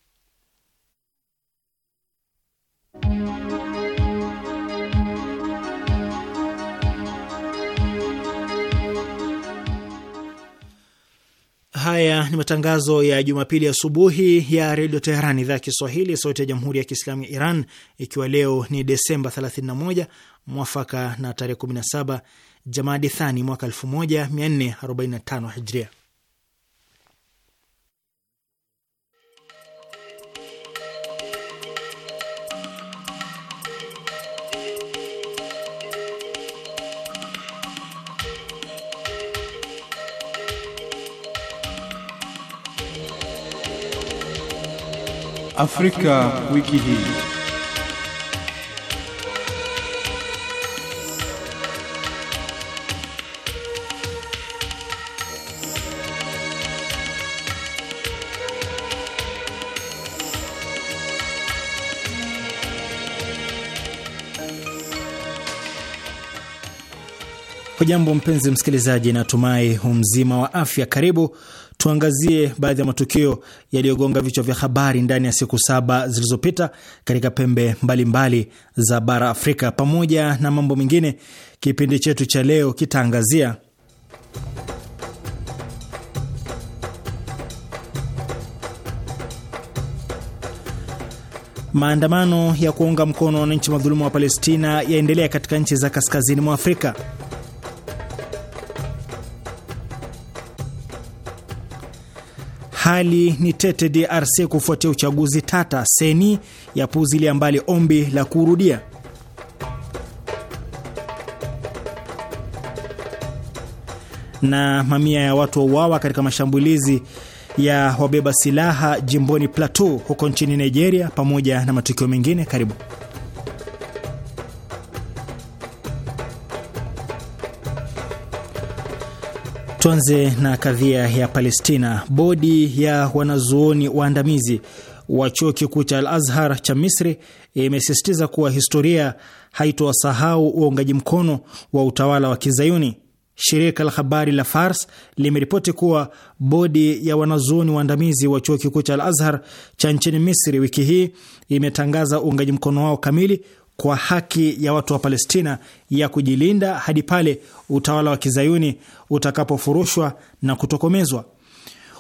Haya ni matangazo ya Jumapili asubuhi ya, ya redio Teheran, idhaa ya Kiswahili, sauti ya jamhuri ya kiislamu ya Iran, ikiwa leo ni Desemba 31 mwafaka na tarehe 17 Jamadi Thani mwaka 1445 Hijria. Afrika wiki hii. Hujambo mpenzi msikilizaji, natumai umzima wa afya. Karibu tuangazie baadhi ya matukio yaliyogonga vichwa vya habari ndani ya siku saba zilizopita katika pembe mbalimbali mbali za bara Afrika. Pamoja na mambo mengine, kipindi chetu cha leo kitaangazia maandamano ya kuunga mkono wananchi madhulumu wa Palestina yaendelea katika nchi za kaskazini mwa Afrika. Hali ni tete DRC kufuatia uchaguzi tata. Seni ya puzilia mbali ombi la kurudia. Na mamia ya watu wauawa katika mashambulizi ya wabeba silaha jimboni Plateau huko nchini Nigeria, pamoja na matukio mengine. Karibu. Tuanze na kadhia ya Palestina. Bodi ya wanazuoni waandamizi wa chuo kikuu cha Al Azhar cha Misri imesisitiza kuwa historia haitowasahau uungaji mkono wa utawala wa Kizayuni. Shirika la habari la Fars limeripoti kuwa bodi ya wanazuoni waandamizi wa chuo kikuu cha Al Azhar cha nchini Misri wiki hii imetangaza uungaji mkono wao kamili kwa haki ya watu wa Palestina ya kujilinda hadi pale utawala wa kizayuni utakapofurushwa na kutokomezwa.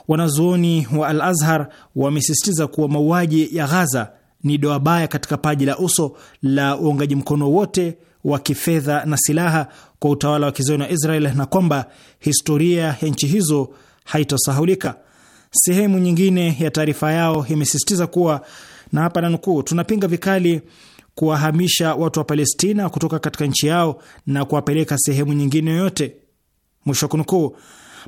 Wanazuoni wa Al Azhar wamesisitiza kuwa mauaji ya Ghaza ni doa baya katika paji la uso la uungaji mkono wote wa kifedha na silaha kwa utawala wa kizayuni wa Israel na kwamba historia ya nchi hizo haitosahulika. Sehemu nyingine ya taarifa yao imesisitiza kuwa na hapa nanukuu, tunapinga vikali kuwahamisha watu wa Palestina kutoka katika nchi yao na kuwapeleka sehemu nyingine yoyote. Mwisho kunukuu.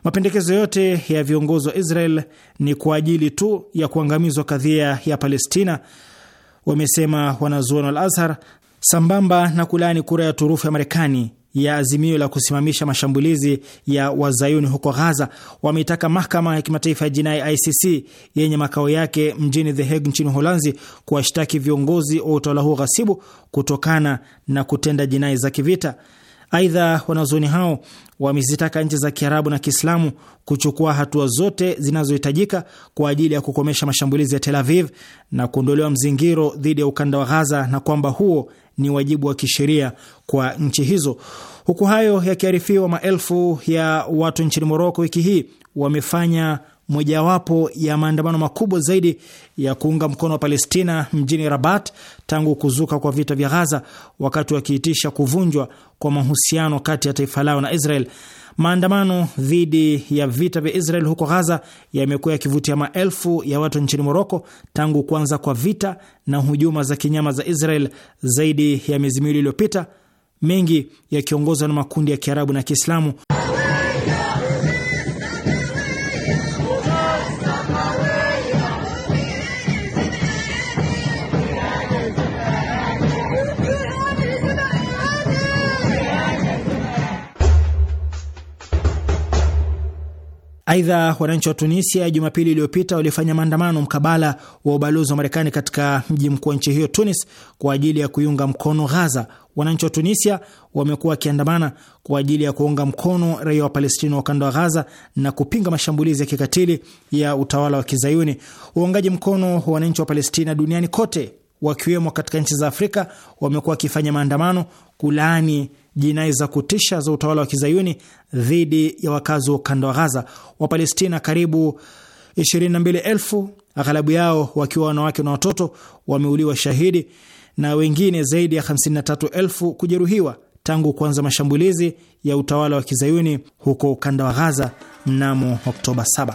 Mapendekezo yote ya viongozi wa Israel ni kwa ajili tu ya kuangamizwa kadhia ya Palestina, wamesema wanazuoni wa Al Azhar, sambamba na kulaani kura ya turufu ya Marekani ya azimio la kusimamisha mashambulizi ya wazayuni huko Ghaza wameitaka mahakama ya kimataifa ya jinai ICC yenye makao yake mjini The Hague nchini Uholanzi kuwashtaki viongozi wa utawala huo ghasibu kutokana na kutenda jinai za kivita. Aidha, wanazuoni hao wamezitaka nchi za Kiarabu na Kiislamu kuchukua hatua zote zinazohitajika kwa ajili ya kukomesha mashambulizi ya Tel Aviv na kuondolewa mzingiro dhidi ya ukanda wa Ghaza na kwamba huo ni wajibu wa kisheria kwa nchi hizo. Huku hayo yakiarifiwa, maelfu ya watu nchini Moroko wiki hii wamefanya mojawapo ya maandamano makubwa zaidi ya kuunga mkono wa Palestina mjini Rabat tangu kuzuka kwa vita vya Ghaza, wakati wakiitisha kuvunjwa kwa mahusiano kati ya taifa lao na Israel. Maandamano dhidi ya vita vya Israel huko Ghaza yamekuwa yakivutia maelfu ya watu nchini Moroko tangu kuanza kwa vita na hujuma za kinyama za Israel zaidi ya miezi miwili iliyopita, mengi yakiongozwa na makundi ya Kiarabu na Kiislamu. Aidha, wananchi wa Tunisia Jumapili iliyopita walifanya maandamano mkabala wa ubalozi wa Marekani katika mji mkuu wa nchi hiyo Tunis, kwa ajili ya kuiunga mkono Ghaza. Wananchi wa Tunisia wamekuwa wakiandamana kwa ajili ya kuunga mkono raia wa Palestina wa ukanda wa Ghaza na kupinga mashambulizi ya kikatili ya utawala wa Kizayuni. Uungaji mkono wa wananchi wa Palestina duniani kote, wakiwemo katika nchi za Afrika, wamekuwa wakifanya maandamano kulaani jinai za kutisha za utawala wa kizayuni dhidi ya wakazi wa ukanda wa Ghaza. Wapalestina karibu 22,000 aghalabu yao wakiwa wanawake na watoto wameuliwa shahidi na wengine zaidi ya 53,000 kujeruhiwa tangu kuanza mashambulizi ya utawala wa kizayuni huko ukanda wa Ghaza mnamo Oktoba 7.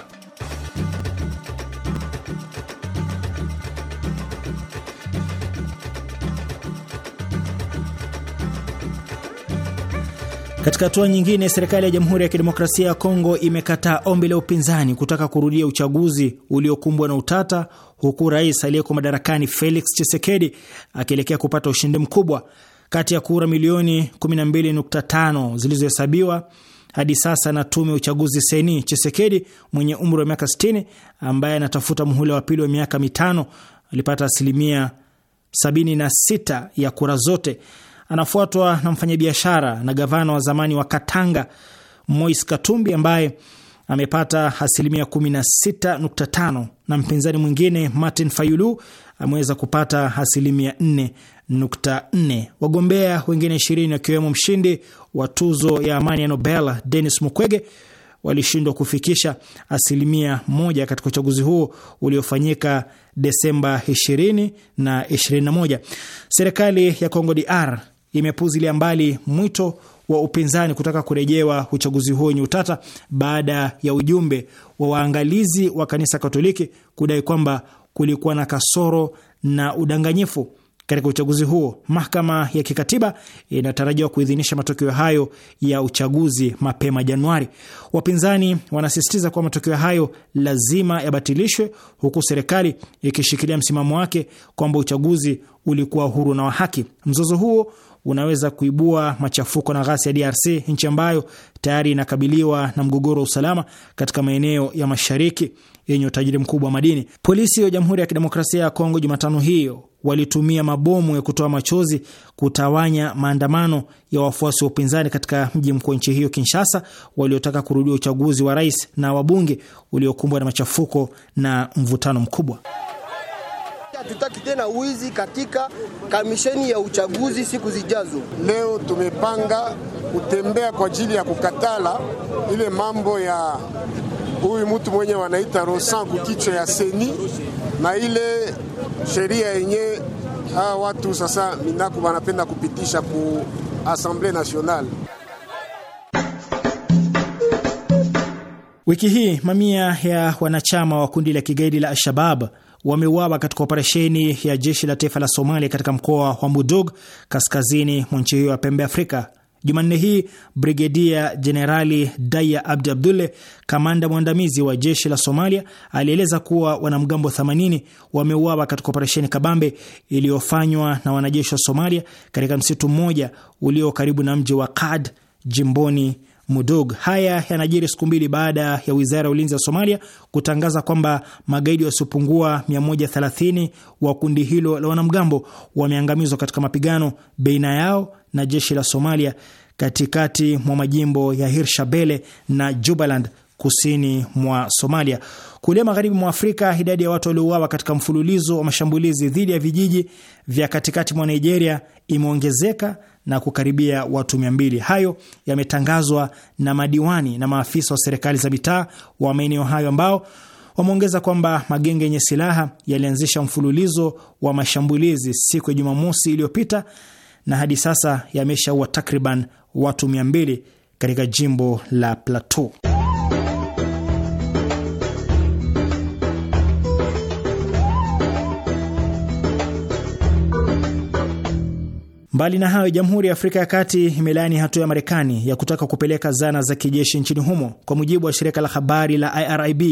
Katika hatua nyingine, serikali ya Jamhuri ya Kidemokrasia ya Kongo imekataa ombi la upinzani kutaka kurudia uchaguzi uliokumbwa na utata, huku rais aliyeko madarakani Felix Tshisekedi akielekea kupata ushindi mkubwa. Kati ya kura milioni 12.5 zilizohesabiwa hadi sasa na tume ya uchaguzi seni, Chisekedi mwenye umri wa miaka 60 ambaye anatafuta muhula wa pili wa miaka mitano alipata asilimia 76 ya kura zote anafuatwa na mfanyabiashara na gavana wa zamani wa Katanga mois Katumbi ambaye amepata asilimia 16.5 na mpinzani mwingine Martin Fayulu ameweza kupata asilimia 4.4. Wagombea wengine 20 wakiwemo mshindi wa tuzo ya amani ya Nobel Denis Mukwege walishindwa kufikisha asilimia moja katika uchaguzi huo uliofanyika Desemba 20 na 21. Serikali ya Kongo DR imepuzilia mbali mwito wa upinzani kutaka kurejewa uchaguzi huo wenye utata baada ya ujumbe wa waangalizi wa kanisa Katoliki kudai kwamba kulikuwa na kasoro na udanganyifu katika uchaguzi huo. Mahakama ya Kikatiba inatarajiwa kuidhinisha matokeo hayo ya uchaguzi mapema Januari. Wapinzani wanasisitiza kuwa matokeo hayo lazima yabatilishwe, huku serikali ikishikilia msimamo wake kwamba uchaguzi ulikuwa huru na wa haki. Mzozo huo unaweza kuibua machafuko na ghasia ya DRC, nchi ambayo tayari inakabiliwa na mgogoro wa usalama katika maeneo ya mashariki yenye utajiri mkubwa wa madini. Polisi wa Jamhuri ya Kidemokrasia ya Kongo Jumatano hiyo walitumia mabomu ya kutoa machozi kutawanya maandamano ya wafuasi wa upinzani katika mji mkuu wa nchi hiyo Kinshasa, waliotaka kurudia uchaguzi wa rais na wabunge uliokumbwa na machafuko na mvutano mkubwa. Hatutaki tena wizi katika kamisheni ya uchaguzi siku zijazo. Leo tumepanga kutembea kwa ajili ya kukatala ile mambo ya huyu mtu mwenye wanaita Rosan kukichwa ya seni na ile sheria yenye hawa watu sasa minaku wanapenda kupitisha ku Assemblée Nationale. Wiki hii mamia ya wanachama wa kundi la kigaidi la Al-Shabab wameuawa katika operesheni ya jeshi la taifa la Somalia katika mkoa wa Mudug kaskazini mwa nchi hiyo ya pembe Afrika. Jumanne hii Brigedia Jenerali Daya Abdi Abdulle, kamanda mwandamizi wa jeshi la Somalia, alieleza kuwa wanamgambo 80 wameuawa katika operesheni kabambe iliyofanywa na wanajeshi wa Somalia katika msitu mmoja ulio karibu na mji wa Kad jimboni Mudug. Haya yanajiri siku mbili baada ya wizara ya ulinzi ya Somalia kutangaza kwamba magaidi wasiopungua 130 wa kundi hilo la wanamgambo wameangamizwa katika mapigano baina yao na jeshi la Somalia katikati mwa majimbo ya Hirshabele na Jubaland kusini mwa Somalia. Kule magharibi mwa Afrika, idadi ya watu waliouawa katika mfululizo wa mashambulizi dhidi ya vijiji vya katikati mwa Nigeria imeongezeka na kukaribia watu mbili. Hayo yametangazwa na madiwani na maafisa wa serikali za mitaa wa maeneo hayo ambao wameongeza kwamba magenge yenye silaha yalianzisha mfululizo wa mashambulizi siku ya Jumamosi iliyopita na hadi sasa yameshaua takriban watu 200 katika jimbo la Plateau. Mbali na hayo, Jamhuri ya Afrika ya Kati imelaani hatua ya Marekani ya kutaka kupeleka zana za kijeshi nchini humo. Kwa mujibu wa shirika la habari la IRIB,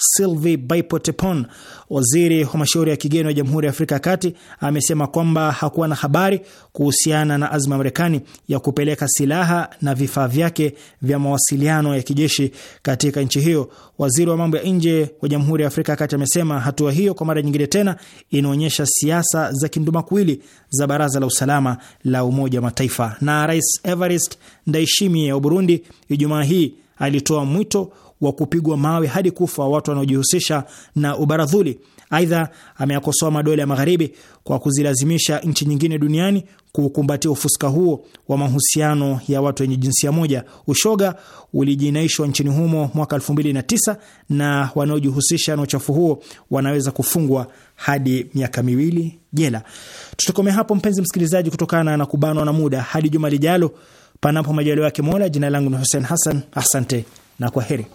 Sylvie Baipotepon, waziri wa mashauri ya kigeni wa Jamhuri ya Afrika ya Kati, amesema kwamba hakuwa na habari kuhusiana na azma ya Marekani ya kupeleka silaha na vifaa vyake vya mawasiliano ya kijeshi katika nchi hiyo. Waziri wa mambo ya nje wa Jamhuri ya Afrika ya Kati amesema hatua hiyo kwa mara nyingine tena inaonyesha siasa za kindumakuwili za Baraza la Usalama la Umoja wa Mataifa. Na Rais Evariste Ndayishimiye wa Burundi Ijumaa hii alitoa mwito wa kupigwa mawe hadi kufa watu wanaojihusisha na ubaradhuli. Aidha, ameyakosoa madola ya magharibi kwa kuzilazimisha nchi nyingine duniani kukumbatia ufuska huo wa mahusiano ya watu wenye jinsia moja. Ushoga ulijinaishwa nchini humo mwaka 2009 na na wanaojihusisha na uchafu huo wanaweza kufungwa hadi miaka miwili jela. Tutokomea hapo mpenzi msikilizaji, kutokana na kubanwa na muda. Hadi juma lijalo, panapo majaliwa yake Mola. Jina langu ni Hussein Hassan, asante na kwa heri.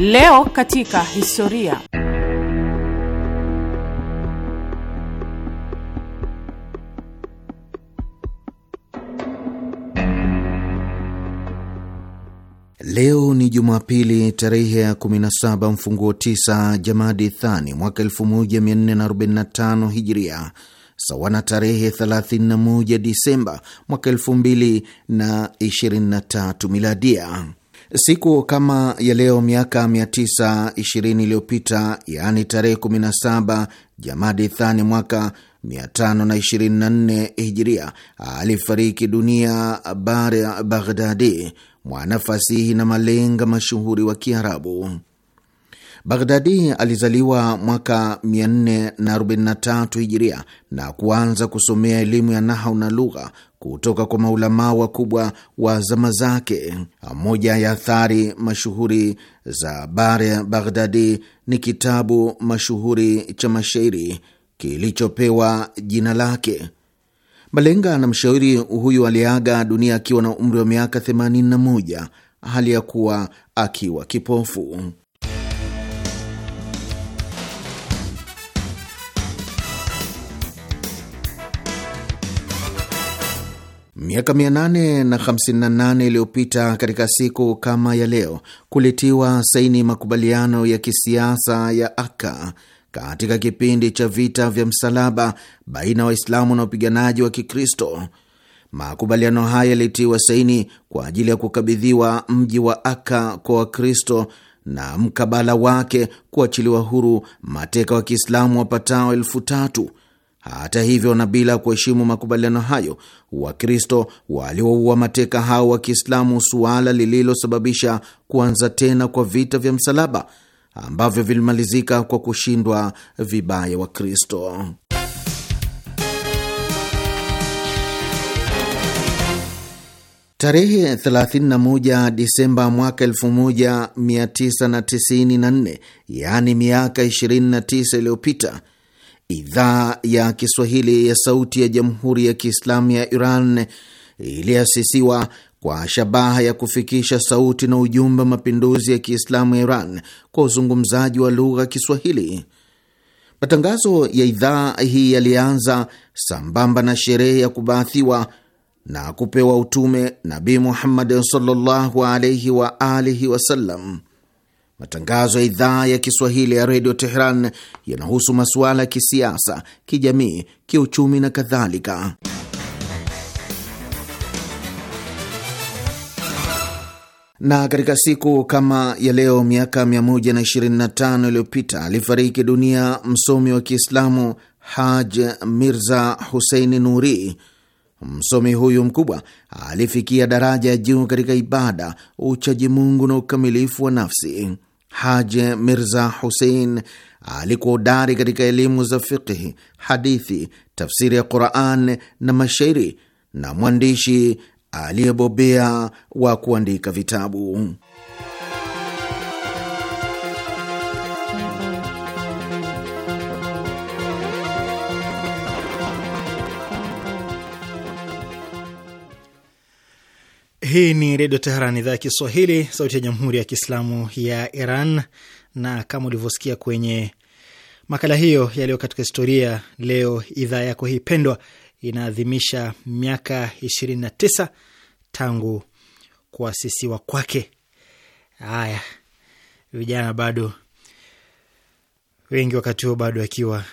Leo katika historia. Leo ni Jumapili tarehe ya 17 mfunguo 9 Jamadi Thani mwaka 1445 Hijria, sawa na tarehe 31 Disemba mwaka 2023 Miladia. Siku kama ya leo miaka 920 iliyopita, yaani tarehe 17 Jamadi Thani mwaka 524 Hijiria, alifariki dunia Bari Baghdadi, mwanafasihi na malenga mashuhuri wa Kiarabu. Baghdadi alizaliwa mwaka 443 Hijiria na kuanza kusomea elimu ya nahau na lugha kutoka kwa maulamaa wakubwa wa zama zake. Moja ya athari mashuhuri za Bare Baghdadi ni kitabu mashuhuri cha mashairi kilichopewa jina lake. Malenga na mshairi huyu aliaga dunia akiwa na umri wa miaka 81 hali ya kuwa akiwa kipofu. Miaka 858 iliyopita katika siku kama ya leo kulitiwa saini makubaliano ya kisiasa ya Aka katika kipindi cha vita vya msalaba baina ya Waislamu na wapiganaji wa Kikristo. Makubaliano haya yalitiwa saini kwa ajili ya kukabidhiwa mji wa Aka kwa Wakristo na mkabala wake kuachiliwa huru mateka wa Kiislamu wapatao elfu tatu hata hivyo, na bila kuheshimu makubaliano hayo, Wakristo walioua mateka hao wa Kiislamu, suala lililosababisha kuanza tena kwa vita vya msalaba ambavyo vilimalizika kwa kushindwa vibaya Wakristo. Tarehe 31 Disemba mwaka 1994, yaani miaka 29 iliyopita, Idhaa ya Kiswahili ya Sauti ya Jamhuri ya Kiislamu ya Iran iliasisiwa kwa shabaha ya kufikisha sauti na ujumbe wa mapinduzi ya Kiislamu ya Iran kwa uzungumzaji wa lugha ya Kiswahili. Matangazo ya idhaa hii yalianza sambamba na sherehe ya kubaathiwa na kupewa utume nabi Muhammad sallallahu alaihi wa alihi wasallam. Matangazo ya idhaa ya Kiswahili ya redio Teheran yanahusu masuala ya kisiasa, kijamii, kiuchumi na kadhalika. Na katika siku kama ya leo miaka 125 iliyopita alifariki dunia msomi wa Kiislamu Haj Mirza Huseini Nuri. Msomi huyu mkubwa alifikia daraja ya juu katika ibada, uchaji Mungu na ukamilifu wa nafsi. Haji Mirza Husein alikuwa udari katika elimu za fiqhi, hadithi, tafsiri ya Quran na mashairi na mwandishi aliyebobea wa kuandika vitabu. Hii ni Redio Teheran, idhaa ya Kiswahili, sauti ya Jamhuri ya Kiislamu ya Iran. Na kama ulivyosikia kwenye makala hiyo yaliyo katika historia, leo idhaa yako hii pendwa inaadhimisha miaka 29 tangu kuasisiwa kwake. Haya, vijana bado wengi, wakati huo bado akiwa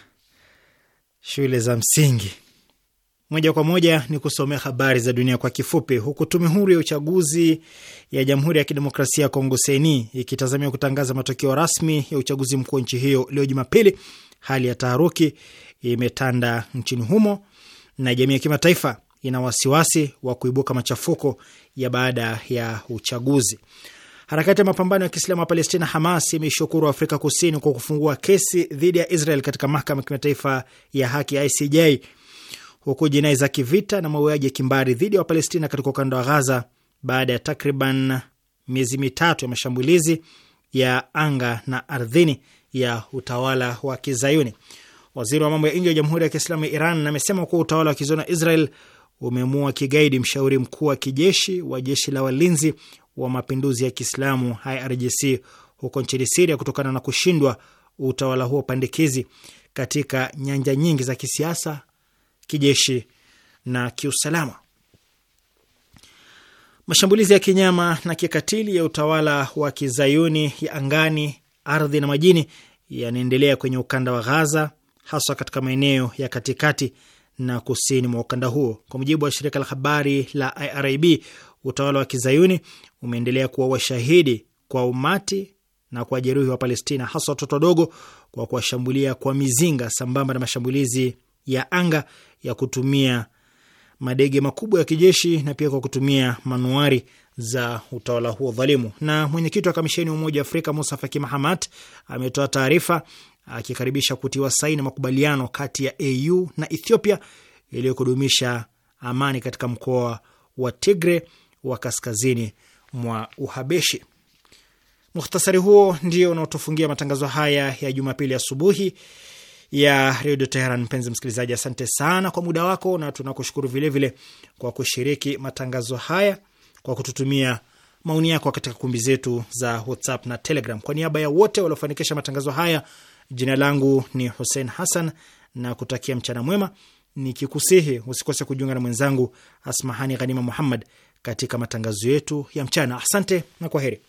shule za msingi. Moja kwa moja ni kusomea habari za dunia kwa kifupi. Huku tume huru ya uchaguzi ya Jamhuri ya Kidemokrasia ya Kongo seni ikitazamia kutangaza matokeo rasmi ya uchaguzi mkuu nchi hiyo leo Jumapili, hali ya taharuki imetanda nchini humo na jamii ya kimataifa ina wasiwasi wa kuibuka machafuko ya baada ya uchaguzi. Harakati ya mapambano ya Kiislamu ya Palestina Hamas imeshukuru Afrika Kusini kwa kufungua kesi dhidi ya Israel katika mahakama ya kimataifa ya haki ICJ huku jinai za kivita na mauaji ya kimbari dhidi ya Wapalestina katika ukanda wa Ghaza baada ya takriban miezi mitatu ya mashambulizi ya anga na ardhini ya utawala wa Kizayuni. Waziri wa mambo ya nje ya Jamhuri ya Kiislamu ya Iran amesema kuwa utawala wa kizayuni Israel umemua kigaidi mshauri mkuu wa kijeshi wa jeshi la walinzi wa mapinduzi ya Kiislamu IRGC huko nchini Siria kutokana na kushindwa utawala huo pandikizi katika nyanja nyingi za kisiasa kijeshi na kiusalama. Mashambulizi ya kinyama na kikatili ya utawala wa kizayuni ya angani, ardhi na majini yanaendelea kwenye ukanda wa Ghaza, haswa katika maeneo ya katikati na kusini mwa ukanda huo. Kwa mujibu wa shirika la habari la IRIB, utawala wa kizayuni umeendelea kuwa washahidi kwa umati na kwa jeruhi wa Palestina, hasa watoto wadogo, kwa kuwashambulia kwa mizinga, sambamba na mashambulizi ya anga ya kutumia madege makubwa ya kijeshi na pia kwa kutumia manuari za utawala huo dhalimu. Na mwenyekiti wa kamisheni ya Umoja wa Afrika Musa Faki Mahamat ametoa taarifa akikaribisha kutiwa saini makubaliano kati ya AU na Ethiopia ili kudumisha amani katika mkoa wa Tigre wa kaskazini mwa Uhabeshi. muhtasari huo ndio unaotufungia matangazo haya ya Jumapili asubuhi ya Redio Teheran. Mpenzi msikilizaji, asante sana kwa muda wako na tunakushukuru vilevile kwa kushiriki matangazo haya kwa kututumia maoni yako katika kumbi zetu za WhatsApp na Telegram. Kwa niaba ya wote waliofanikisha matangazo haya, jina langu ni Hussein Hassan na kutakia mchana mwema, nikikusihi usikose kujiunga na mwenzangu Asmahani Ghanima Muhammad katika matangazo yetu ya mchana. Asante na kwa heri.